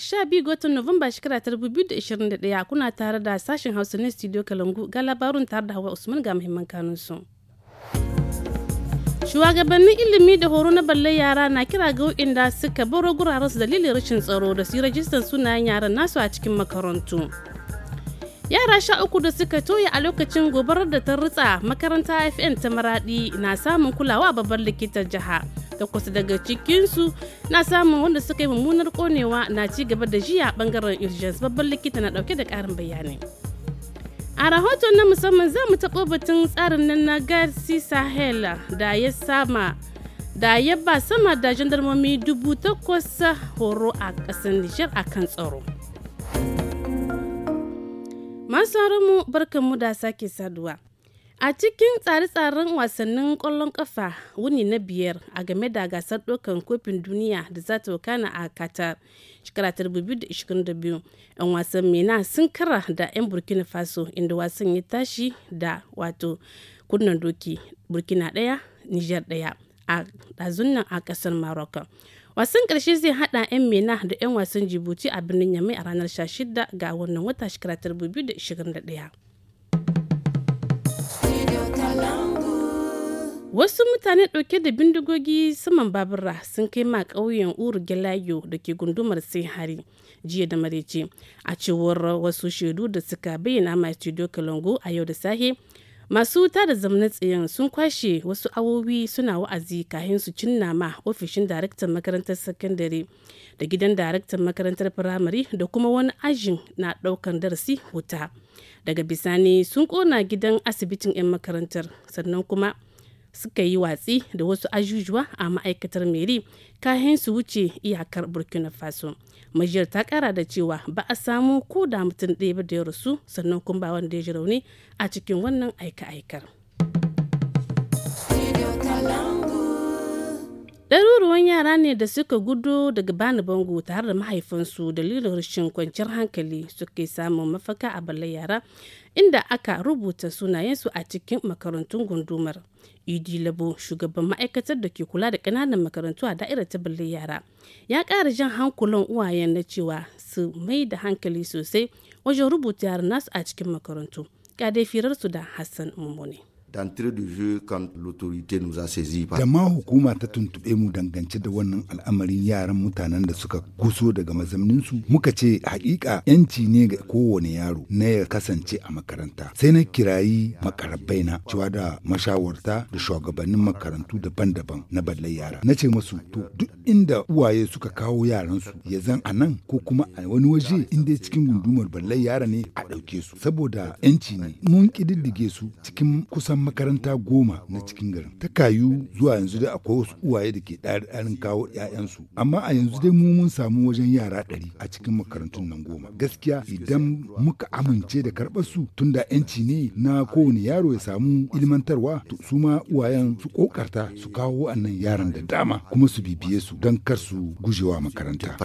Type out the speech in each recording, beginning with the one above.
12 ga watan Nuwamba shekara ta 2021 kuna tare da sashen Hausa na Studio Kalangu ga labarun tare da Hawa Usman ga muhimman kanunsu. Shugabannin ilimi da horo na balle yara na kira ga da suka baro guraren su dalilin rashin tsaro da su yi rajistan sunayen yaran nasu a cikin makarantu. Yara sha uku da suka toya a lokacin gobarar da ta ritsa makaranta FN ta maradi na samun kulawa babbar likitan jiha. takwas daga cikinsu na samun wanda suka yi mummunar konewa na ci gaba da jiya bangaren urgence babban likita na dauke da karin bayani a rahoton na musamman za mu taɓo batun tsarin nan na garci sahel da ya sama da ya ba sama da jandarmomi dubu takwas horo a ƙasar nijar a kan tsaro masu mu barkanmu da sake saduwa A cikin tsare-tsaren wasannin kwallon kafa wuni na biyar a game da gasar ɗaukan kofin duniya da za ta wakana a Qatar shekara 2022 'yan wasan Mena sun kara da 'yan Burkina Faso inda wasan ya tashi da wato kunnan doki Burkina ɗaya niger ɗaya a ɗazun a ƙasar maroka Wasan ƙarshe zai hada 'yan Mena da 'yan wasan Jibuti a birnin Yamai a ranar 16 ga wannan wata shekara 2021. Wasu mutane ɗauke da bindigogi saman babura sun kai ma ƙauyen Uru Gelayo da ke gundumar sai hari jiya da marece a cewar wasu shaidu da suka bayyana ma studio Kalongo a yau da sahe. Masu wuta da zamanin tsayin sun kwashe wasu awowi suna wa'azi kahin su cinna ma ofishin daraktan makarantar sakandare da gidan daraktan makarantar firamare da kuma wani ajin na daukan darasi wuta. Daga bisani sun ƙona gidan asibitin 'yan makarantar sannan kuma suka yi watsi da wasu ajujuwa a ma'aikatar meri kayan su wuce iyakar burkina faso majiyar ta kara da cewa ba a samu ko da mutum ɗaya ba da ya rasu sannan kuma ba wanda ya ji rauni a cikin wannan aika-aikar ɗaruruwan yara ne da suka gudu daga bani bango tare da mahaifinsu dalilin rashin kwanciyar hankali suke samun mafaka a balle yara inda aka rubuta sunayensu a cikin makarantun gundumar idi labo shugaban ma'aikatar da ke kula da ƙananan makarantu a da'irar ta balle yara ya ƙara jan hankulan uwayen na cewa su mai da hankali sosai wajen rubuta yaran nasu a cikin makarantu ƙadai firar su da hassan mummuni. d'entrée de jeu quand l'autorité nous a saisi. par ma hukuma ta tuntuɓe mu dangance da wannan al'amarin yaran mutanen da suka kuso daga su muka ce hakika yanci ne ga kowane yaro na ya kasance a makaranta. Sai na kirayi makarabai na cewa da mashawarta da shugabannin makarantu daban-daban na ballar yara. Na ce masu to duk inda uwaye suka kawo yaran su ya zan a nan ko kuma a wani waje inda cikin gundumar ballar yara ne a dauke su saboda yanci ne mun kididdige su cikin kusan makaranta goma na cikin garin ta kayu zuwa yanzu dai akwai wasu uwaye da ke ɗarin kawo 'ya'yansu amma a yanzu dai mu mun samu wajen yara ɗari a cikin makarantun nan goma gaskiya idan muka amince da karɓar su tunda 'yanci ne na kowane yaro ya samu ilmantarwa to su ma uwayen su ƙoƙarta su kawo wannan yaran da dama kuma su bibiye su don kar su gujewa makaranta.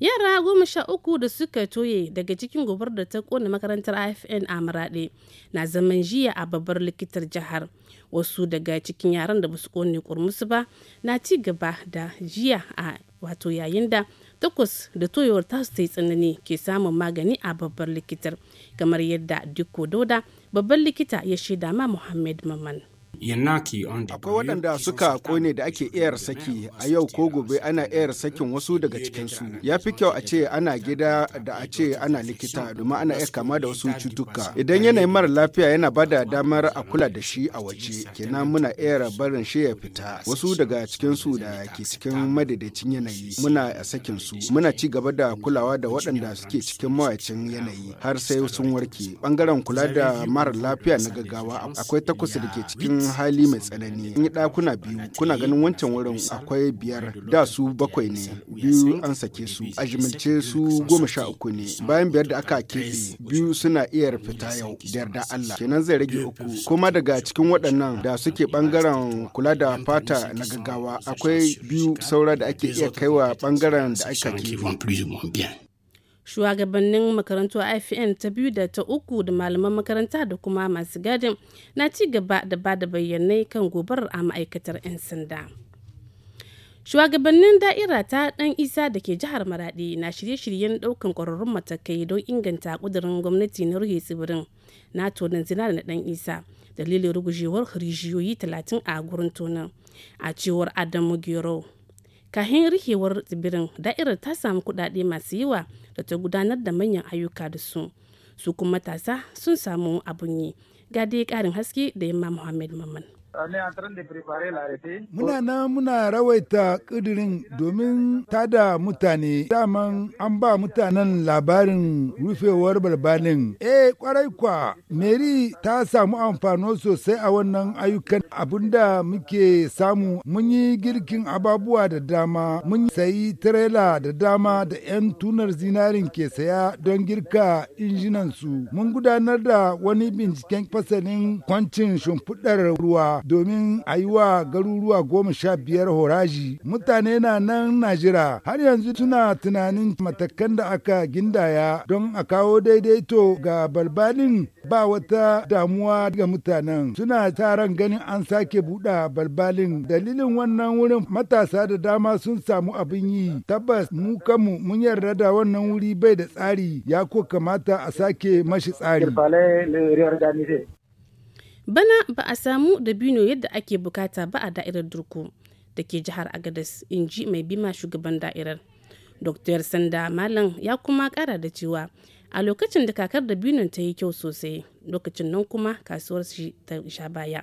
yara goma sha uku da suka toye daga cikin gobar da ta kone makarantar ifn a maraɗe na zaman jiya a babbar likitar jihar wasu daga cikin yaran da basu kone kurmusu ba na ci gaba da jiya a wato yayin da takwas da toyewar tasu ta yi tsanani ke samun magani a babbar likitar kamar yadda dikko doda babban likita ya shaida ma muhammad maman Akwai waɗanda suka kone da ake iyar saki a yau ko gobe ana iyar sakin wasu daga cikinsu. Ya fi kyau a ce ana gida da a ce ana likita domin ana iya kama da wasu cutuka. Idan yanayin mara lafiya yana bada damar a kula da shi a waje, kenan muna iyar barin shi ya fita. Wasu daga cikinsu da ke cikin madaidaicin yanayi muna a sakin su. Muna ci gaba da kulawa da waɗanda suke cikin mawacin yanayi har sai sun warke. Bangaren kula da mara lafiya na gaggawa akwai takwas da ke cikin hali mai tsanani in yi ɗakuna biyu kuna ganin wancan wurin akwai biyar da su bakwai ne biyu an sake su a jimilce su goma sha uku ne bayan biyar da aka keɓe biyu suna iya fita yau da yarda Allah kenan zai rage uku kuma daga cikin waɗannan da suke ɓangaren kula da fata na gaggawa akwai biyu saura da ake iya kaiwa ɓangaren da aka keɓe. shugabannin makarantu ifn ta biyu da ta uku da malaman makaranta da kuma masu gadin na ci gaba da ba da bayyanai kan gobarar a ma'aikatar 'yan sanda shugabannin da'ira ta dan isa da ke jihar maradi na shirye-shiryen daukan kwararrun matakai don inganta kudurin gwamnati na ruhe tsibirin na tonin zinar na dan isa dalilin rugujewar rijiyoyi 30 a gurin tonin a cewar adamu gero kahin rikewar tsibirin da'irar ta samu kudade masu yawa da ta gudanar da manyan ayyuka da su su kuma matasa sun samu abun yi ga dai karin haske da yamma muhammad maman Muna nan muna rawaita ƙudurin domin tada mutane daman an ba mutanen labarin rufewar barbalin. Eh kwarai kwa, Mary ta samu amfano sosai a wannan ayyukan abinda muke samu mun yi girkin ababuwa da dama, mun sayi tirela da dama da 'yan tunar zinarin ke saya don girka injinansu. Mun gudanar da wani binciken fasalin kwancin shimfiɗar ruwa. domin a yi wa garuruwa goma sha biyar horaji mutane na nan na jira har yanzu tuna tunanin matakan da aka gindaya don a kawo daidaito ga balbalin ba wata damuwa ga mutanen suna taron ganin an sake buɗa balbalin dalilin wannan wurin matasa da dama sun samu abin yi tabbas mu kanmu mun yarda da wannan wuri bai da tsari ya ko kamata a sake mashi tsari bana ba a samu da bino yadda ake bukata ba a da'irar durku da ke jihar agadas in ji mai bima shugaban da'irar dr sanda malam ya kuma kara da cewa a lokacin da kakar da dabinon ta yi kyau sosai lokacin nan kuma kasuwar shi ta sha baya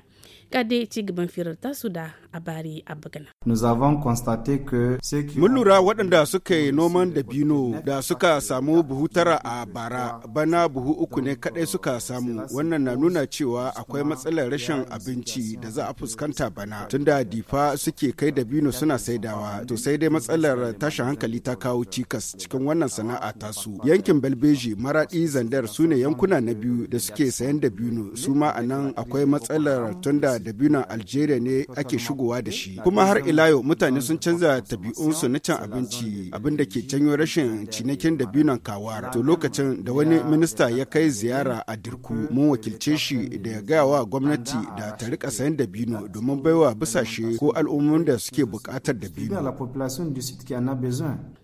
kada ci gaban firar tasu da a a bagana mun lura waɗanda suka yi noman dabino da suka samu buhu tara a bara bana buhu uku ne kaɗai suka samu wannan na nuna cewa akwai matsalar rashin abinci da za a fuskanta bana tunda difa suke kai dabino suna saidawa to sai dai matsalar tashin hankali ta kawo cikas cikin wannan sana'a tasu yankin belbeji maraɗi zandar su ne yankuna na biyu da suke sayan dabino su ma a nan akwai matsalar tunda dabinon algeria ne ake shigowa da shi kuma har ila yau mutane sun canza tabi'unsu na cin abinci abin da ke janyo rashin cinikin dabinon kawara to lokacin da wani minista ya kai ziyara a dirku mun wakilce shi da ya gaya wa gwamnati da ta rika sayan dabino domin baiwa bisashe ko al'ummomin da suke bukatar dabino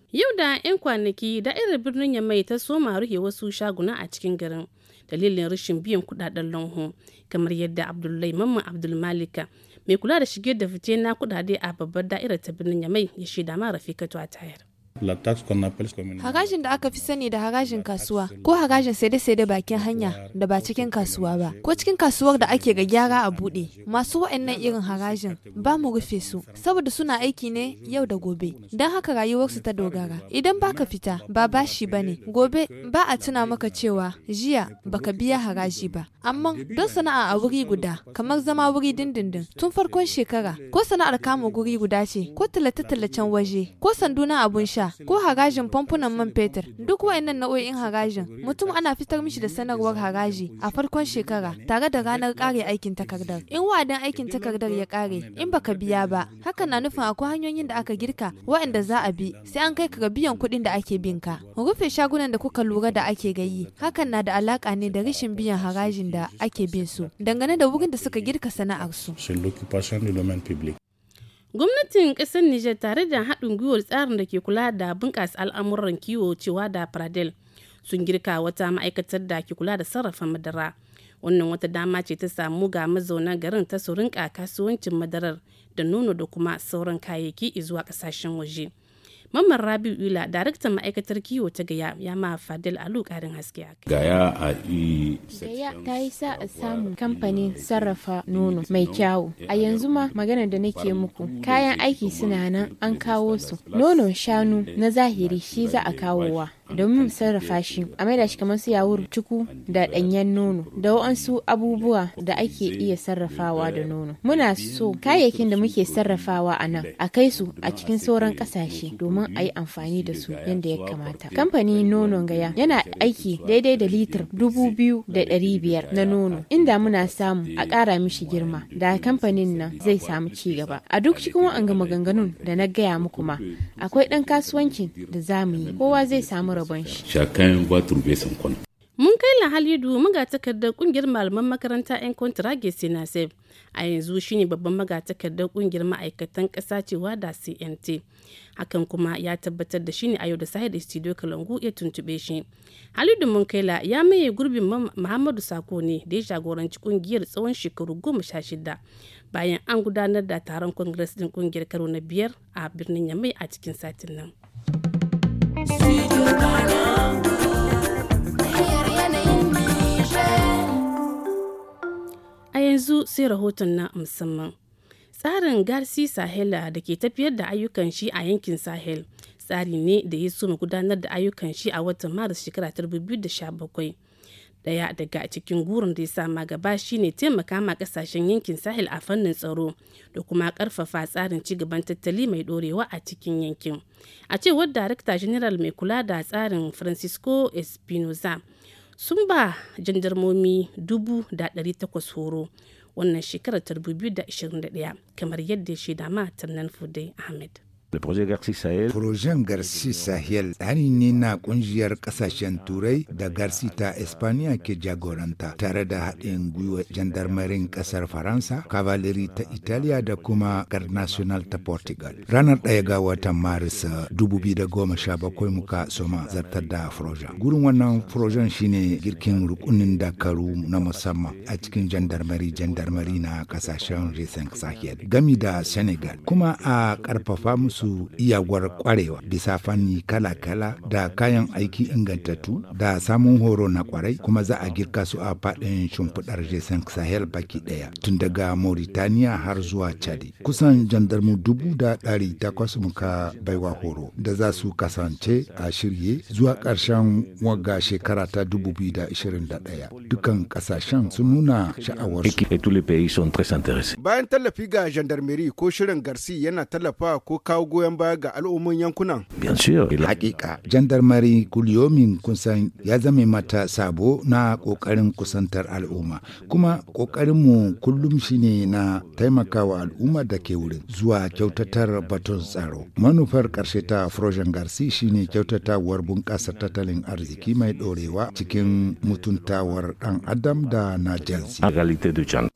Yau da 'yan kwanaki da'irar birnin Yamai ta soma rufe wasu shaguna a cikin garin dalilin rashin biyan kudaden lanho kamar yadda abdullahi mamman abdulmalika mai kula da shige da fice na kudade a babbar da'irar ta birnin yamai ya shaida ma rafikatu a tayar Harajin da aka fi sani da harajin kasuwa ko harajin saide-saide bakin hanya da ba cikin kasuwa ba ko cikin kasuwar da ake ga gyara a buɗe masu waɗannan irin harajin ba mu rufe su saboda suna aiki ne yau da gobe don haka rayuwarsu ta dogara idan baka fita ba bashi ba ne gobe ba a tuna maka cewa jiya baka biya haraji ba amma don sana'a a wuri guda kamar zama wuri dindindin tun farkon shekara ko sana'ar kama guri guda ce ko tallace-tallacen waje ko sanduna abun sha ko hagajin famfunan man fetur duk wayannan nau'o'in hagajin mutum ana fitar mishi da sanarwar hagaji a farkon shekara tare da ranar kare aikin takardar in wadan aikin takardar ya kare in baka biya ba haka na nufin akwai hanyoyin da aka girka waɗanda za a bi sai an kai ka biyan kuɗin da ake bin ka rufe shagunan da kuka lura da ake gayi hakan na da alaka ne da rashin biyan harajin da ake bin su dangane da wurin da suka girka sana'ar su Gwamnatin ƙasar Nijar tare da haɗin gwiwar tsarin da ke kula da bunƙasa al'amuran kiwo cewa da Pradel sun girka wata ma'aikatar da ke kula da sarrafa madara. Wannan wata dama ce ta samu ga mazauna garin ta su rinka kasuwancin madarar da nono da kuma sauran kayayyaki zuwa ƙasashen waje. Mamman Rabi Ula, daraktan ma'aikatar kiwo ta Gaya, ya ma Fadil Alu ƙarin haske a Gaya a e ta yi sa a samun kamfanin sarrafa nono mai kyawu. A yanzu ma magana da nake muku, kayan aiki suna nan an kawo su. Nonon shanu na zahiri shi za a kawowa. domin sarrafa shi a maida shi kamar su yawur cuku da ɗanyen nono da wa'ansu abubuwa da ake iya sarrafawa da nono muna so kayayyakin da muke sarrafawa a nan a kai su a cikin sauran ƙasashe domin a yi amfani da su yadda ya kamata kamfanin nonon gaya yana aiki daidai da litir dubu biyu da ɗari biyar na nono inda muna samu a ƙara mishi girma da kamfanin nan zai samu ci gaba a duk cikin wa'anga maganganun da na gaya muku ma akwai ɗan kasuwancin da za yi kowa zai samu rabon shi. Mun kai la Halidu magatakardar kungiyar malaman makaranta 'yan kontrage Sinasef. A yanzu shine babban magatakardar kungiyar ma'aikatan ƙasa cewa da CNT. Hakan kuma ya tabbatar da shine a yau da sahid studio Kalangu ya tuntube shi. Halidu Munkaila ya maye gurbin Muhammadu Sako ne da ya jagoranci kungiyar tsawon shekaru goma sha shida bayan an gudanar da taron kongres din kungiyar karo na biyar a birnin Yamai a cikin satin nan. yanzu sai rahoton na musamman. Tsarin Garsi Sahela da ke tafiyar da ayyukan shi a yankin Sahel tsari ne da ya soma gudanar da ayyukan shi a watan Maris shekara 2017. Daya daga cikin gurin da ya sama gaba shine taimaka ma kasashen yankin Sahel a fannin tsaro da kuma karfafa tsarin ci gaban tattali mai dorewa a cikin yankin. A cewar Darakta General mai kula da tsarin Francisco Espinoza, sun ba jandarmomi 1,800 horo wannan shekarar 2021 kamar yadda shaida ma nan fudai ahmed Projen Garci Sahel hani ne na kungiyar kasashen Turai da Garci ta Espanya ke jagoranta tare da haɗin gwiwa jandarmarin ƙasar Faransa, Cavalerie ta Italiya da kuma Gar National ta Portugal. Ranar ɗaya ga watan Maris 2017 muka soma zartar da Projen. Gurin wannan Projen shine girkin rukunin dakaru na musamman a cikin jandarmari jandarmari na kasashen resen Sahel gami da Senegal kuma a ƙarfafa musu su iyawar kwarewa bisa fanni kala-kala da kayan aiki ingantattu da samun horo na kwarai kuma za a girka su a faɗin shimfiɗar jason sahel baki ɗaya tun daga mauritaniya har zuwa chadi kusan jandarmu dubu da dari takwas muka baiwa horo da za su kasance a shirye zuwa ƙarshen waga shekara ta 2021 dukan ƙasashen sun nuna sha'awar su. bayan tallafi ga gendarmerie ko shirin garsi yana tallafa ko kawo goyon baya ga al'ummin yankunan? Hakika, jandarmari kuliyomin kunsan ya zame mata sabo na ƙoƙarin kusantar al'umma. Kuma ƙoƙarinmu kullum shine na taimakawa al'umma da ke wurin zuwa kyautatar batun tsaro. Manufar ƙarshe ta Frojan Garci shine kyautatawar bunƙasar tattalin arziki mai ɗorewa cikin mutuntawar ɗan adam da na Jelsi.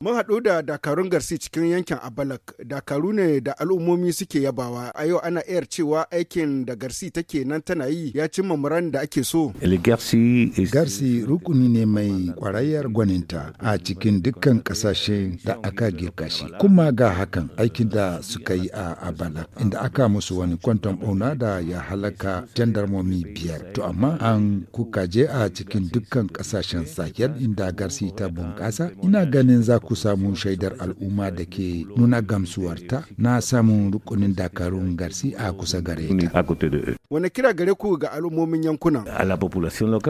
Mun haɗu da Dakarun Garci cikin yankin Abalak. Dakaru ne da al'ummomi suke yabawa a yau ana iyar cewa aikin da Garsi take nan tana yi ya cimma muran da ake so. Garsi rukuni ne mai kwarayyar gwaninta a cikin dukkan kasashe da aka girka shi. Kuma ga hakan aikin da suka yi a Abala inda aka musu wani kwanton bauna da ya halaka jandarmomi biyar. To amma an kuka je a cikin dukkan kasashen Sahel inda Garsi ta bunƙasa ina ganin za ku samu shaidar al'umma da ke nuna gamsuwarta na samun rukunin dakarun garsi a kusa gare ta. Wani kira gare ku ga al'ummomin yankuna?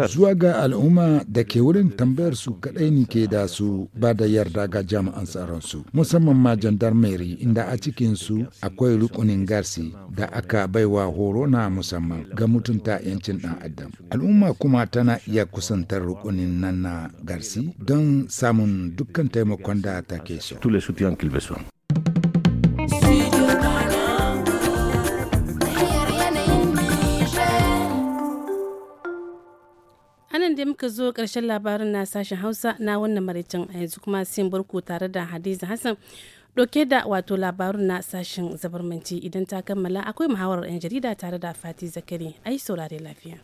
Zuwa ga al'umma da ke wurin tambayar su kaɗai ne ke da su ba da yarda ga jami'an tsaron su. Musamman ma jandarmeri inda a cikin su akwai rukunin garsi da aka baiwa horo na musamman ga mutunta 'yancin ɗan adam. Al'umma kuma tana iya kusantar rukunin nan na garsi don samun dukkan taimakon da take so. da muka zo ƙarshen labarin na sashen Hausa na wannan maraicin a yanzu kuma sin burku tare da Hadiza Hassan ɗauke da wato labarun na sashen zabarmanci idan ta kammala akwai muhawarar 'yan jarida tare da Fati Zakari. Ai saurare lafiya.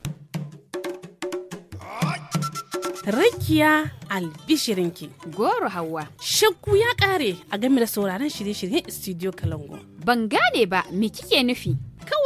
Rakiya albishirinki. Goro Hauwa. Shakku ya ƙare a game da sauraron shirye-shiryen Studio Kalango. Ban gane ba, me kike nufi?